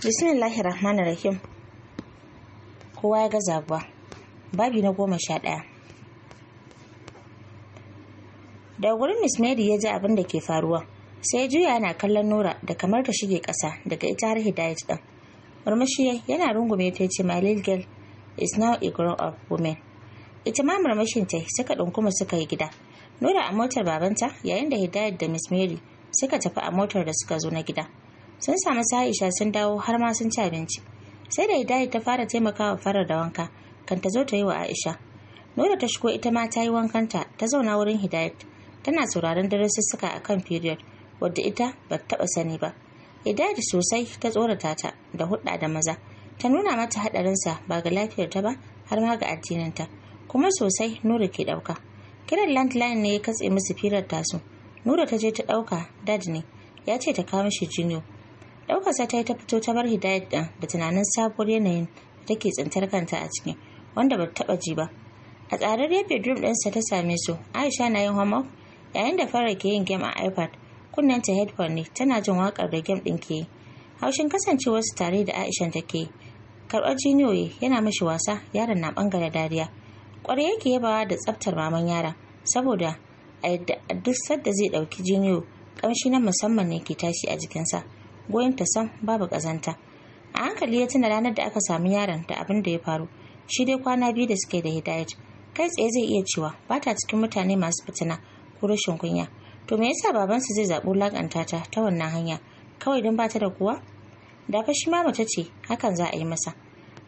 bismillahir rahmanir rahim kowa ya ga ba babi na goma sha ɗaya da wurin miss mary ya ji abin da ke faruwa sai juya yana kallon nora da kamar ta shige ƙasa daga ita har hidayat ɗin murmushi yana rungume ta ce my little girl is now a grown up woman ita ma murmushin ta suka ɗunkuma suka yi gida nora a motar babanta yayin da hidayat da miss mary suka tafi a motar da suka zo na gida sun samu Aisha sun dawo har ma sun ci abinci sai da hidaya ta fara taimakawa farar da wanka kan ta zo ta yi wa aisha nura ta shigo ita ma ta yi wankanta ta zauna wurin hidayat tana sauraron darussuka a kan period wadda ita ba ta taɓa sani ba hidayat sosai ta tsorata ta da hudda da maza ta nuna mata haɗarinsa ba ga lafiyarta ba har ma ga addininta kuma sosai nura ke ɗauka kiran landline ne ya katse musu firar tasu nura ta je ta ɗauka dad ne ya ce ta kawo mishi jiniyo ɗaukarsa ta yi ta fito ta bar hidayat ɗin da tunanin sabuwar yanayin da take tsintar kanta a ciki wanda ba taɓa ji ba a tsararriyar bedroom ɗinsa ta same su aisha na yin homework yayin da fara ke yin game a ipad kunnenta headphone ne tana jin waƙar da game ɗin ke yi haushin su tare da Aisha take yi karɓar jiniyoyi yana mashi wasa yaron na ɓangare dariya ƙwarai yake yabawa da tsaftar maman yara saboda a yadda duk sadda zai ɗauki jiniyo ƙamshi na musamman ne ke tashi a jikinsa Goyon ta san babu ƙazanta a hankali ya tuna ranar da aka samu yaron da abin da ya faru shi dai kwana biyu da suke da hidayat kai tsaye zai iya cewa ba ta cikin mutane masu fitina ko rashin kunya to me yasa babansu zai zaɓi lakanta ta ta wannan hanya kawai don ba ta da kuwa da fa shi ma mace ce hakan za a yi masa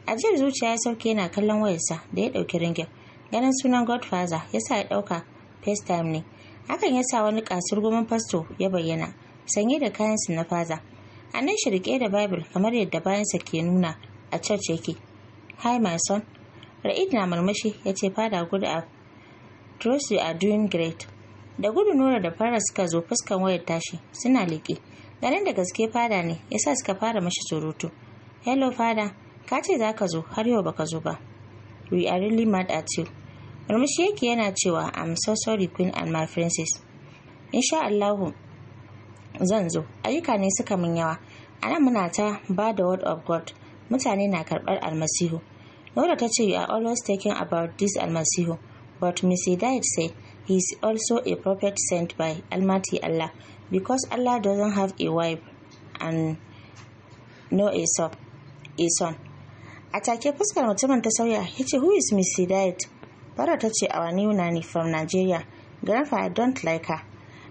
ajiyar zuciya ya sauke yana kallon wayarsa da ya ɗauki ringin ganin sunan godfather ya sa ya ɗauka facetime ne hakan ya sa wani kasur goman fasto ya bayyana sanye da kayansu na faza A shi rike da bible kamar yadda bayansa ke nuna a church yake hi my son ra'id na murmushi ya ce fada good up trust you are doing great da gudu nura da fara suka zo fuskan wayar tashi suna leƙe ganin da gaske fada ne yasa suka fara mashi surutu hello fada ka ce za ka zo har yau baka zo ba we are really mad at you murmushi yake yana cewa i'm so sorry queen and my princess insha allahu zan zo ayyuka ne suka min yawa ana muna ta ba da word of god mutane na karɓar almasihu Nora ta ce you are always talking about this almasihu but Mrs. Diet said he is also a prophet sent by Almighty Allah because Allah doesn't have a wife and no a son. A take fuskar mutumin ta sauya ya ce who is Mrs. Diet? Bara ta ce our new nanny from Nigeria. Grandpa I don't like her.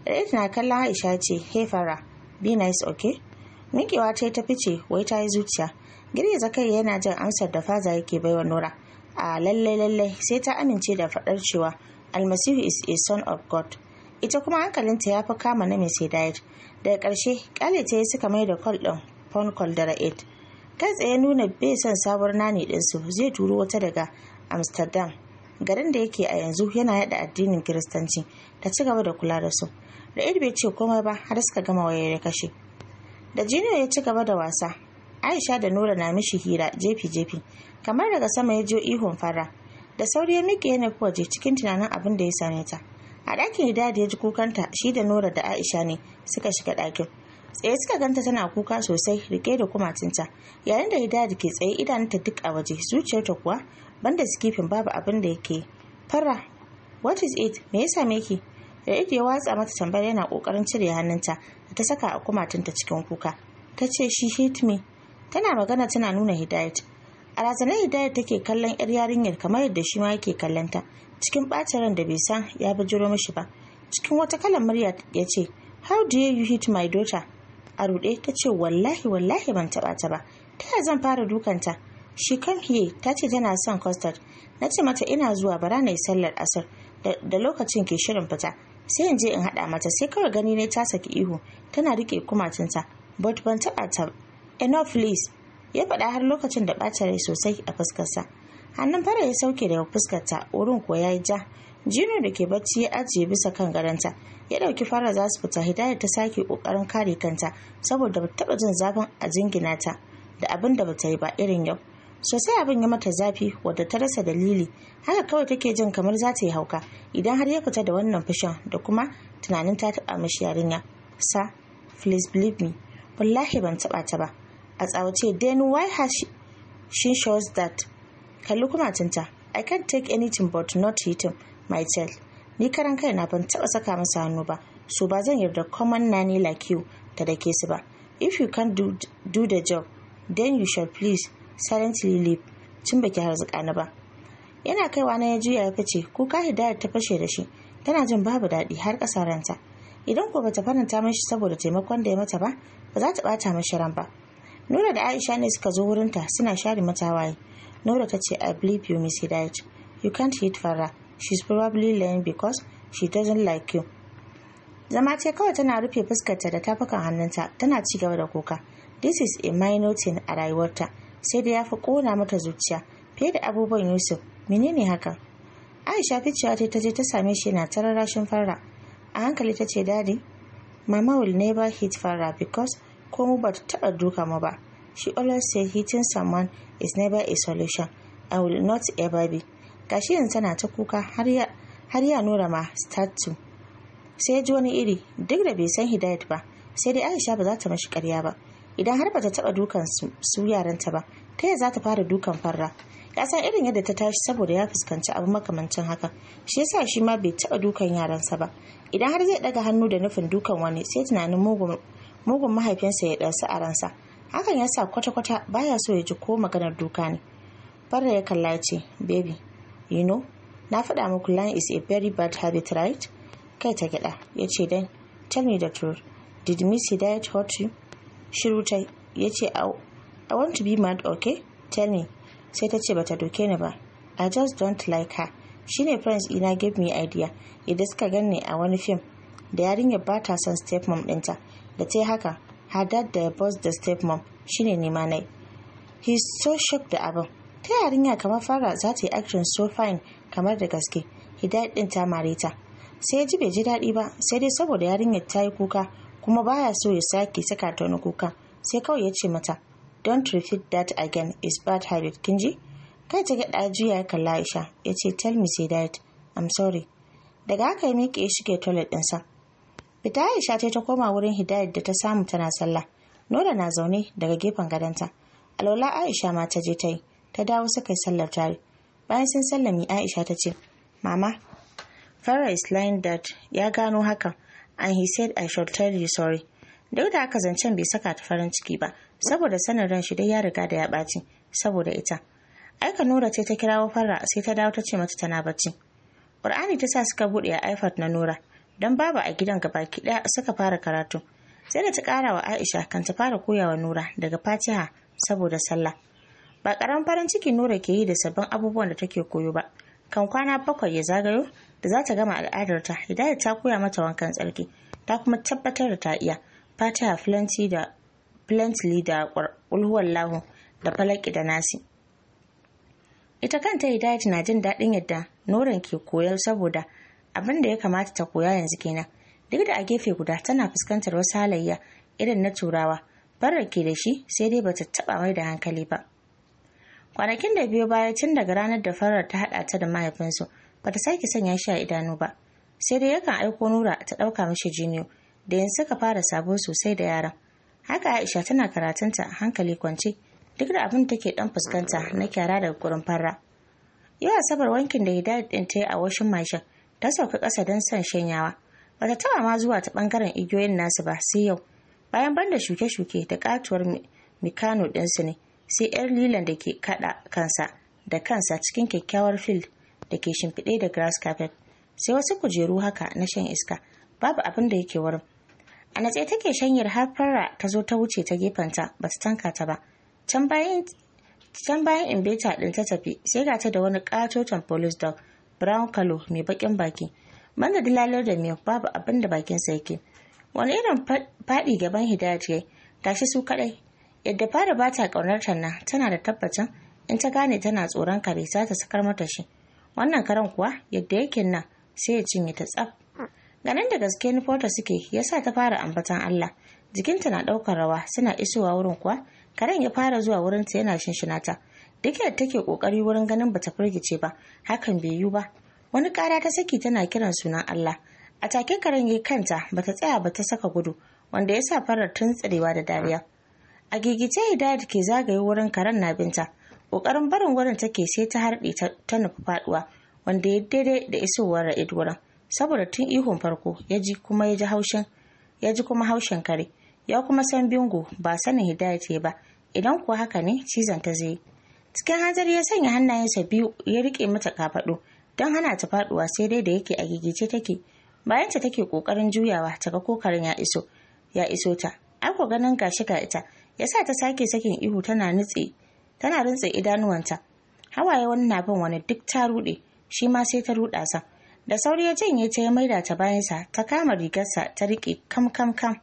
Diet na kallon Aisha ce hey fara. be nice okay? ninkewa ta ta fice wai ta yi zuciya girgiza kai yana jin amsar da faza yake baiwa nura a lallai lallai sai ta amince da faɗar cewa almasihu is a son of god ita kuma hankalinta ya fi kama na mai diet daga ƙarshe ƙyale ta yi suka mai da kol ɗin phone call da ra'id kai tsaye nuna bai son sabuwar nani ɗinsu zai turo wata daga amsterdam garin da yake a yanzu yana yada addinin kiristanci ta ci gaba da kula da su da bai ce komai ba har suka gama wayar ya kashe da junior ya ci gaba da wasa aisha da nura na mishi hira jefi jefi kamar daga sama ya jo ihun fara da sauri ya miƙe yana waje cikin tunanin abin da ya same ta a ɗakin ya da ya ji kukanta shi da nura da aisha ne suka shiga ɗakin tsaye suka ganta tana kuka sosai rike da kumatinta yayin da hidaya da ke tsaye idanunta duk a waje zuciyarta kuwa banda sikifin babu abin da yake fara what is it me ya same ki da ya watsa mata tambayar yana kokarin cire hannunta ta saka a ta cikin kuka ta ce shi hit me tana magana tana nuna hidayat a razanar hidayat take kallon yar yarinyar kamar yadda shi ma yake kallonta cikin ɓacin da bai san ya bijiro mishi ba cikin wata kalan murya ya ce how dare you hit my daughter a ruɗe ta ce wallahi wallahi ban taɓa ta ba ta yaya zan fara dukanta shi kan hiye ta ce tana son custard na ce mata ina zuwa bara na yi sallar asar da lokacin ke shirin fita sai in je in haɗa mata sai kawai gani ne ta saki ihu tana rike kumatunta but ban taba ta enough please ya faɗa har lokacin da ɓata rai sosai a fuskarsa hannun fara ya sauke daga fuskarta wurin ko ya yi ja jino da ke bacci ya ajiye bisa kan garanta ya ɗauki fara za su fita hidaya ta sake ƙoƙarin kare kanta saboda ba taba jin zafin a jingina ta da abin da bata yi ba irin yau sosai abin ya mata zafi wadda ta rasa dalili haka kawai take jin kamar za ta yi hauka idan har ya fita da wannan fushin da kuma tunanin ta taɓa mashi yarinya sa please believe me wallahi ban taɓa ta ba a tsawace then why has she, shows that kalli kuma kumatinta i can't take anything but not hitting my child ni karan na ban taɓa saka masa hannu ba so ba zan yarda common nanny like you ta dake su ba if you can't do, do the job then you shall please silently tun cin baki harzuka ni ba yana kaiwa na ya juya ya fice kuka hidayar ta fashe da shi tana jin babu daɗi har ƙasa ranta idan ko bata faranta shi saboda taimakon da ya mata ba ba za ta ɓata mun ran ba nura da aisha ne suka zo wurinta suna share mata waye nura ta ce i believe you miss hidayat you can't hit farra she's probably lying because she doesn't like you zama ce kawai tana rufe fuskarta da tafukan hannunta tana ci gaba da kuka this is a minor thing a rayuwarta sai da ya fi ƙona mata zuciya fiye da abubuwan yusuf menene hakan aisha ce ta je ta same shi na tararashin fara. a hankali ta ce dadi mama will never hit fara because ko mu ba ta taɓa duka mu ba she always say hitting someone is never a solution I will not ever be gashi yanzu tana ta kuka har ya nura ma statue sai ji wani iri duk da bai san hidayat ba sai dai aisha ba za ta mashi karya ba idan har bata taba dukan su yaranta ba ta yaya za ta fara dukan farra ya san irin yadda ta tashi saboda ya fuskanci abu makamancin haka shi yasa shi ma bai taba dukan yaransa ba idan har zai daga hannu da nufin dukan wani sai tunanin mugun mahaifinsa ya ɗansu a ransa hakan ya sa kwata-kwata baya so ya ji ko maganar duka ne farra ya kalla ce baby you know na faɗa muku lying is a very bad habit right kai ta gyaɗa ya ce dan tell me the truth did miss hidayat hurt you shiru ta ya ce i want to be mad okay tell me sai ta ce bata doke ni ba i just don't like her shine friends ina give me idea idan suka ganni a wani fim da yarinyar ba ta son stepmom ɗinta da ta haka her dad da ya boss da stepmom shine nema nai he so shocked da abin ta yarinya kamar fara za ta yi action so fine kamar da gaske hidayat ɗin ta mare ta sai ya ji bai ji daɗi ba sai dai saboda yarinyar ta yi kuka kuma baya so ya sake saka ta wani kuka sai kawai ya ce mata don't repeat that again is bad habit kin ji kai ta gada jiya ya kalla Aisha ya ce tell me say that I'm sorry daga haka ya miƙe shige toilet sa. fita Aisha ta koma wurin Hidayat da ta samu tana sallah Nora na zaune daga gefen gadonta alwala Aisha ma ta je ta yi ta dawo suka yi sallar tare bayan sun sallami Aisha ta ce mama Farah is lying that ya gano hakan and he said I should tell you sorry. Duk da haka zancen bai saka ta farin ciki ba, saboda sanin ran shi dai ya riga da ya ɓaci, saboda ita. Aika Nura ce ta kirawo Farra sai ta dawo ta ce mata tana bacci. Ƙur'ani ta sa suka buɗe a iPad na Nura, don babu a gidan gabaki ɗaya suka fara karatu. Sai da ta ƙara wa Aisha kan ta fara koyawa Nura daga Fatiha saboda sallah. Ba ƙaramin farin ciki Nura ke yi da sabbin abubuwan da take koyo ba, kan kwana bakwai ya zagayo da za ta gama al'adarta hidayat ta koya mata wankan tsarki ta kuma tabbatar da ta iya fatiha filanti da filantili da ƙulhuwan lahu da falaki da nasi ita kanta hidayat na jin daɗin yadda noran ke koyar saboda abin da ya kamata ta koya yanzu kenan duk da a gefe guda tana fuskantar wasu halayya irin na turawa barar ke da shi sai dai bata taɓa mai da hankali ba kwanakin da biyu baya tun daga ranar da farar ta haɗa ta da mahaifinsu ba ta sake sanya shi a idanu ba sai dai yakan aiko nura ta ɗauka mishi jiniyo da yanzu suka fara sabo sosai da yaran haka aisha tana karatunta a hankali kwance duk da abin take dan fuskanta na kyara daga gurin fara yau asabar wankin da hidayat din ta yi a washin mashin ta sauka ƙasa don son shanyawa Bata ta taɓa ma zuwa ta ɓangaren igiyoyin nasu ba sai yau bayan banda shuke-shuke da katuwar mikano ɗinsu ne sai yar lilan da ke kaɗa kansa da kansa cikin kyakkyawar fil da ke shimfiɗe da grass carpet sai wasu kujeru haka na shan iska babu abin da yake wurin a natse take shanyar har fara ta zo ta wuce ta gefenta ba su tanka ta ba can bayan in bayan din ta tafi sai ga ta da wani katoton police dog brown kalo mai bakin baki banda dilalar da milk babu abin da sa yake wani irin faɗi gaban hidajiya ce tashi su kaɗai yadda fara ba ta ƙaunar nan tana da tabbacin in ta gane tana tsoron kare za ta sakar mata shi wannan karen kuwa yadda yake nan sai ya cinye ta tsaf ganin da gaske nufarta suke ya sa ta fara ambatan Allah jikinta na ɗaukar rawa suna isowa wurin kuwa karen ya fara zuwa wurin ta yana shinshinata duk da take ƙoƙari wurin ganin bata firgice ba hakan bai yiwu ba wani ƙara ta saki tana kiran sunan Allah a take karen yayi kanta bata tsaya ba ta saka gudu wanda ya sa farar tun da dariya a gigice Hidayat ke zagaye wurin karen na binta Ƙoƙarin barin wurin take sai ta harɗe ta nufi faduwa wanda ya daidai da isowar ra'id wurin saboda tun ihun farko ya ji kuma ya ji haushin ya ji kuma haushin kare ya kuma san bingo ba sanin hidaya ce ba idan kuwa haka ne cizon ta zai cikin hanzar ya sanya hannayensa biyu ya rike mata kafaɗo don hana ta faɗuwa sai dai da yake a gigice take bayan ta take kokarin juyawa ta ga kokarin ya iso ya iso ta ai ko ganin gashi ga ita yasa ta sake sakin ihu tana nutse tana rintsa idanuwanta hawaye wani na bin wani duk ta rude shi ma sai ta ruɗa sa da sauri ya janye ta ya maida ta bayan bayansa ta kama rigarsa ta rike kam kam kam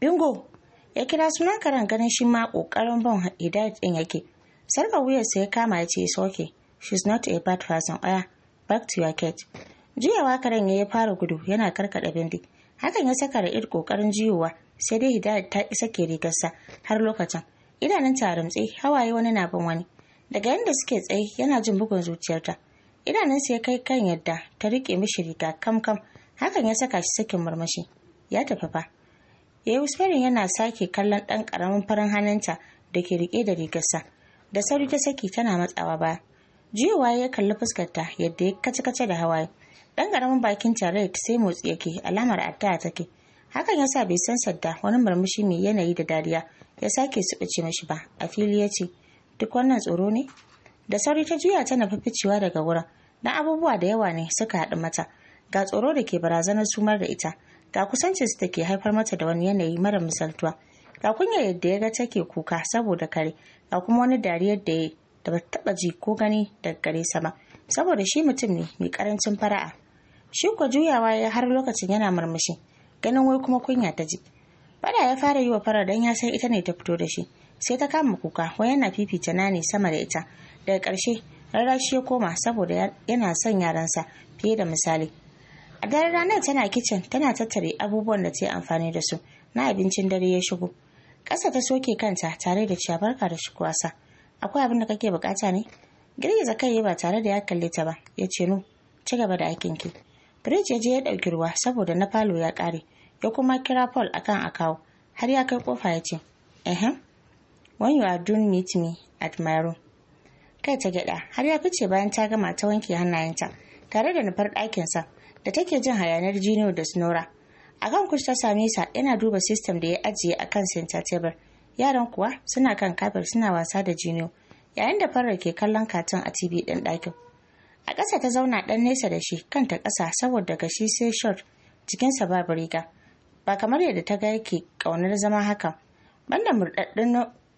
bingo ya kira sunan karen ganin shi ma ƙoƙarin bin hidayat ɗin yake sarka wuyarsa ya kama ya ce soke she's not a bad person aya back to your cage juyawa karen ya fara gudu yana karkaɗa bindi hakan ya saka da ir ƙoƙarin jiyowa sai dai hidayat ta isa ke rigarsa har lokacin idanun ta hawaye wani na bin wani daga yadda suke tsaye yana jin bugun zuciyarta idanunsa ya kai kan yadda ta rike mishi riga kam kam hakan ya saka shi sakin murmushi ya tafi fa ya yi yana sake kallon ɗan ƙaramin farin hannunta da ke riƙe da rigarsa da sauri ta saki tana matsawa baya jiyowa ya kalli fuskarta yadda ya kace-kace da hawaye ɗan ƙaramin bakin tare sai motsi yake alamar addu'a take hakan ya sa bai san sadda wani murmushi mai yanayi da dariya ya sake suɓuce mashi ba a fili ya ce duk wannan tsoro ne da sauri ta juya tana fificewa daga wurin Na abubuwa da yawa ne suka haɗu mata ga tsoro da ke barazanar sumar da ita ga kusancin su ke haifar mata da wani yanayi mara misaltuwa ga kunya yadda ya ga take kuka saboda kare ga kuma wani dariyar da ya da ba taɓa ji ko gani daga gare sa ba saboda shi mutum ne mai karancin fara'a shi kwa juyawa ya har lokacin yana murmushi ganin wai kuma kunya ta ji fada ya fara yi wa farar dan ya san ita ne ta fito da shi sai ta kama kuka wai yana fifita na ne sama da ita daga ƙarshe rarrashi ya koma saboda yana son yaransa fiye da misali a daren ranar tana kicin tana tattare abubuwan da ta yi amfani da su na abincin dare ya shigo ƙasa ta soke kanta tare da cewa barka da wasa. akwai abin da kake bukata ne girgiza kai ba tare da ya kalle ta ba ya ce no ci gaba da aikin ki. Grace ya je ya ɗauki ruwa saboda na falo ya ƙare, ya kuma kira Paul akan a kawo, har ya kai kofa ya ce, Ehem, when you are doing meet me at my room. Kai ta gyaɗa har ya fice bayan ta gama ta wanke hannayenta tare da nufar ɗakinsa da take jin hayanar jini da sinora A kan kusa ta same sa yana duba sistem da ya ajiye a kan center table. Yaran kuwa suna kan kafir suna wasa da jini. yayin da farra ke kallon katon a TV ɗin ɗakin. a ƙasa ta zauna ɗan nesa da shi kanta ƙasa saboda gashi sai short cikinsa babu riga ba kamar yadda ta ga yake ƙaunar zama haka banda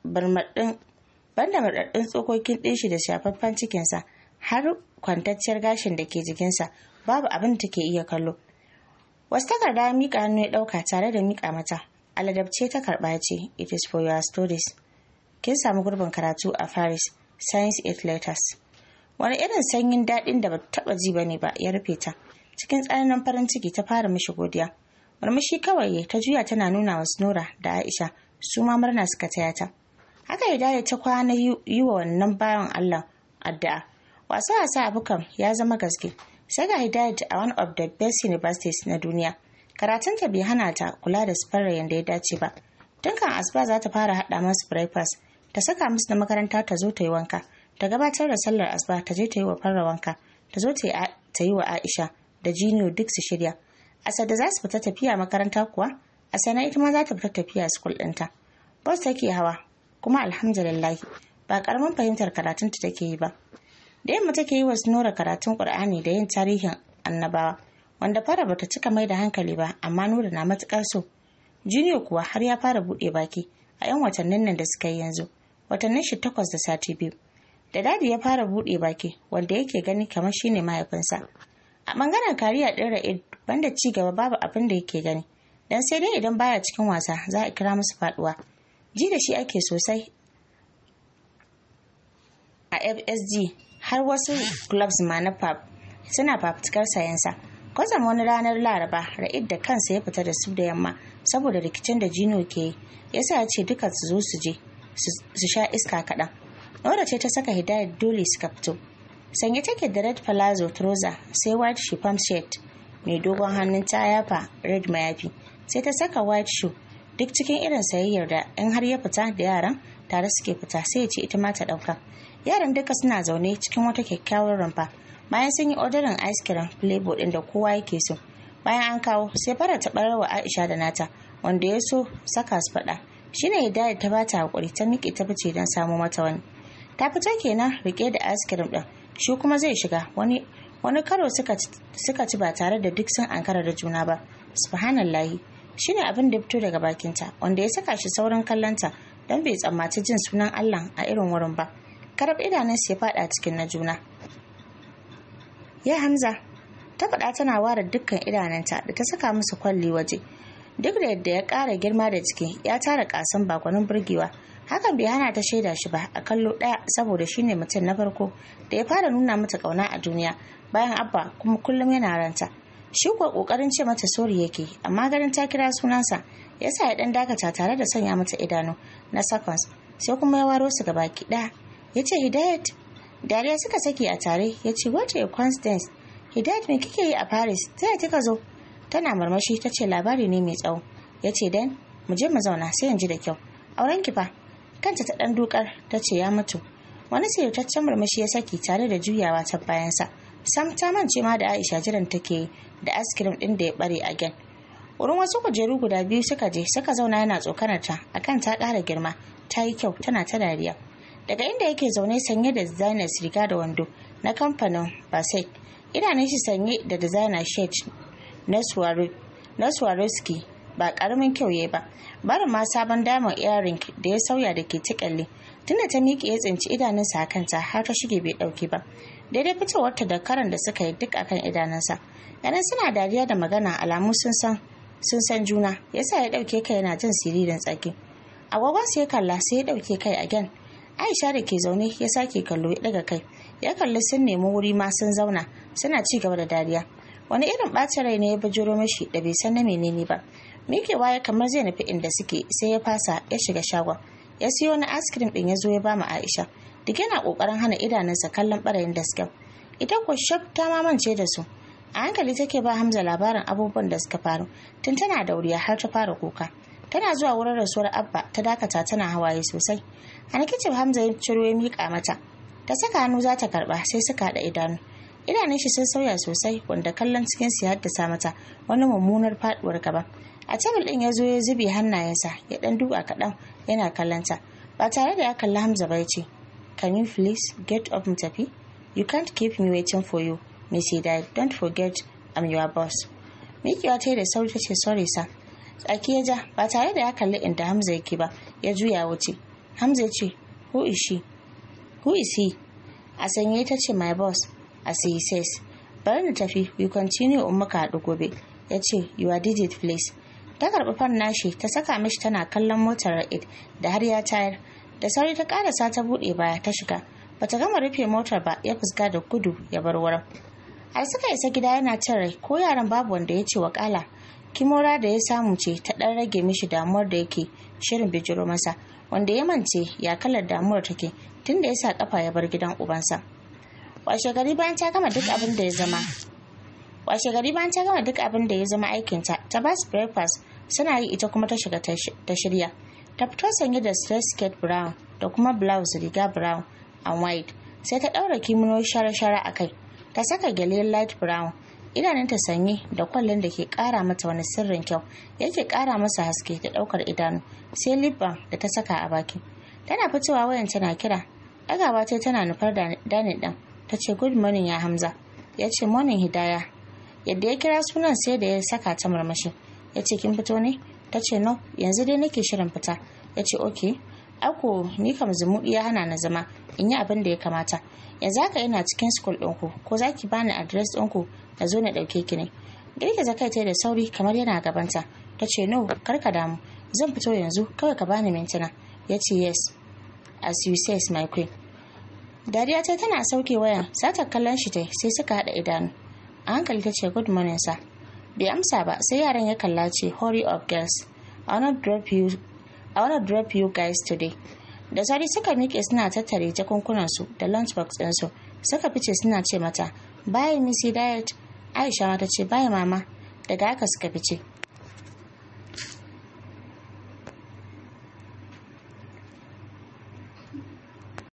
murɗaɗɗun tsokokin ɗin shi da shafaffen cikinsa har kwantacciyar gashin da ke jikinsa babu abin da take iya kallo wasu takarda miƙa hannu ya ɗauka tare da miƙa mata aladabce ta karɓa ce it is for your stories kin samu gurbin karatu a paris science 8 letters wani irin sanyin daɗin da bata taɓa ji ba ne ba ya rufe ta cikin tsananin farin ciki ta fara mishi godiya murmushi kawai ta juya tana nuna wa Nora da Aisha su ma murna suka taya ta haka ya dare ta kwana yi wa wannan bayan Allah addu'a wasa wasa abukan ya zama gaske sai ga Hidayat a one of the best universities na duniya karatunta bai hana ta kula da sufarra da ya dace ba dukkan Asuba za ta fara haɗa masu breakfast ta saka musu na makaranta ta zo ta yi wanka ta gabatar da sallar asuba ta je ta yi wa farra wanka ta zo ta yi wa aisha da jiniyo duk su shirya asad da za su fita tafiya makaranta kuwa a sana ita ma za ta fita tafiya sukul ɗinta bus take hawa kuma alhamdulillah ba karamin fahimtar karatun ta take yi ba da yamma take yi wa nora karatun qur'ani da yin tarihin annabawa wanda fara bata cika mai da hankali ba amma nura na matukar so jiniyo kuwa har ya fara buɗe baki a 'yan watannin nan da suka yi yanzu watannin shi takwas da sati biyu da dadi ya fara bude baki wanda yake gani kamar shine mahaifinsa a bangaren kariya din ra'id banda ci gaba babu abin da yake gani dan sai dai idan baya cikin wasa za a kira musu faduwa ji da shi ake sosai a fsg har wasu clubs ma na pub suna fafutukar sayensa kwazam wani ranar laraba ra'id da kansa ya fita da su da yamma saboda rikicin da jino ke yasa ya ce duka su zo su je su sha iska kaɗan Aura ce ta saka hidayar dole suka fito. Sanye take da red palazzo trouser sai white chiffon shirt mai dogon hannun ta yafa red mayafi sai ta saka white shoe duk cikin irin sayayyar da in har ya fita da yaran tare suke fita sai ya ce ita ma ta ɗauka. Yaran duka suna zaune cikin wata kyakkyawar rumfa bayan sun yi odarin ice cream playboard ɗin da kowa yake so. Bayan an kawo sai fara ta wa Aisha da nata wanda ya so saka su faɗa. Shine Hidayat ta bata hakuri ta miƙe ta fice don samo mata wani. ta fita kenan rike da ice cream din shi kuma zai shiga wani wani karo suka ci ba tare da duk sun ankara da juna ba subhanallahi shine abin da fito daga bakinta wanda ya saka shi saurin kallonta don bai tsammaci jin sunan Allah a irin wurin ba karab idanunsa ya fada cikin na juna ya hamza ta faɗa tana ware dukkan idanunta da ta saka musu kwalli waje duk da yadda ya ƙara girma da ciki ya tara ƙasan bakonin burgewa hakan bai hana ta shaida shi ba a kallo ɗaya saboda shi ne mutum na farko da ya fara nuna mata ƙauna a duniya bayan abba kuma kullum yana ranta shi kuwa ƙoƙarin ce mata sori yake amma ganin ta kira sunansa ya sa ya ɗan dakata tare da sanya mata idanu na seconds sai kuma ya waro su gaba ki ɗaya ya ce hidayat dariya suka saki a tare ya ce wata ya constance hidayat me kike yi a paris ta yi kika zo tana marmashi ta ce labari ne mai tsawo ya ce dan mu je mu zauna sai in ji da kyau auren ki fa kanta ta ɗan dukar ta ce ya mutu wani sirritaccen murmushi ya saki tare da juyawa ta bayansa sam ta mance ma da aisha jiran take da askirim ɗin da ya bare a gen wurin wasu kujeru guda biyu suka je suka zauna yana tsokanar ta akan ta kara girma ta yi kyau tana ta dariya daga inda yake zaune sanye da designer riga da wando na kamfanin basek idanun shi sanye da designer shirt na swarovski ba karamin kyau yi ba barin ma sabon diamond earring da ya sauya da ke tikalle tunda ta miƙe ya tsinci idanunsa a kanta har ta shige bai ɗauki ba daidai fitowarta da karan da suka yi duk akan idanunsa ganin suna dariya da magana alamu sun san sun san juna yasa ya ɗauke kai yana jin siririn tsaki agogon ya kalla sai ya ɗauke kai a again aisha da ke zaune ya sake kallo ya ɗaga kai ya kalli sun nemi wuri ma sun zauna suna ci gaba da dariya wani irin ɓacin rai ne ya bajiro mashi da bai san na menene ba mikewa ya kamar zai nufi inda suke sai ya fasa ya shiga shagon ya siyo ice askirim din ya zo ya bama aisha duk yana kokarin hana idanunsa kallon barayin suke ita ko shaf ta mamance da su a hankali take ba hamza labarin abubuwan da suka faru tun tana da wuriya har ta fara kuka tana zuwa wurin rasuwar abba ta dakata tana hawaye sosai a kicin hamza ya ciro ya mika mata ta saka hannu za ta karɓa sai suka haɗa idanu idanun shi sun sauya sosai wanda kallon cikin su ya haddasa mata wani mummunar faduwar gaba a tebul ɗin ya zo ya zube hannayensa ya ɗan duba kaɗan yana kallanta ba tare da ya kalli hamza ba ce you please get up mu tafi you can't keep me waiting for you miss hidayat don't forget i'm your boss mikiwa ta yi da sauri ta ce sorry sir tsaki ya ja ba tare da ya kalli inda hamza yake ba ya juya wuce hamza ya ce who is she who is he a sanye ta ce my boss as he says bari na tafi you continue in muka haɗu gobe ya ce you are please ta karbi fan nashi ta saka mishi tana kallon motar ra'id da har ya tayar da sauri ta karasa ta buɗe baya ta shiga bata gama rufe motar ba ya fuska da gudu ya bar wurin har suka isa gida yana cin rai ko yaran babu wanda ya ce wa kala kimora da ya samu ce ta ɗan rage mishi damuwar da yake shirin bijiro masa wanda ya mance ya kalar damuwar take tunda ya sa kafa ya bar gidan ubansa washe gari bayan ta gama duk abin da ya zama washe gari bayan ta gama duk abin da ya zama aikinta ta ba su breakfast suna yi ita kuma ta shiga ta shirya ta fito sanye da stress skirt brown da kuma blouse riga brown and white sai ta ɗaura kimono shara-shara a kai ta saka gyale light brown idanunta sanye da kwallon da ke ƙara mata wani sirrin kyau yake ƙara masa haske da ɗaukar idanu sai lip balm da ta saka a baki tana fitowa wayan tana kira ɗagawa tana nufar danin ɗan ta ce good morning ya hamza ya ce morning hidaya yadda ya kira sunan sai da ya saka ta murmushi ya ce kin fito ne ta ce no yanzu dai nake shirin fita ya ce ok ako ni kam zumuɗi ya hana na zama in yi abin da ya kamata yanzu haka ina cikin school ɗinku ko za ki bani adres ɗinku na zo na ɗauke ki ne girgiza kai ta da sauri kamar yana gabanta ta ce no kar ka damu zan fito yanzu kawai ka bani mintuna ya ce yes as you say my queen dariya ta tana sauke wayan satar kallon shi ta sai suka haɗa idanu a hankali ta ce good morning sir bai amsa ba sai yaran ya kalla ce hurry up girls i wanna drop you i wanna guys today da sari suka miƙe suna tattare jakunkunansu da lunchbox su suka fice suna ce mata bye missy diet aisha ma ta ce bye mama daga haka suka fice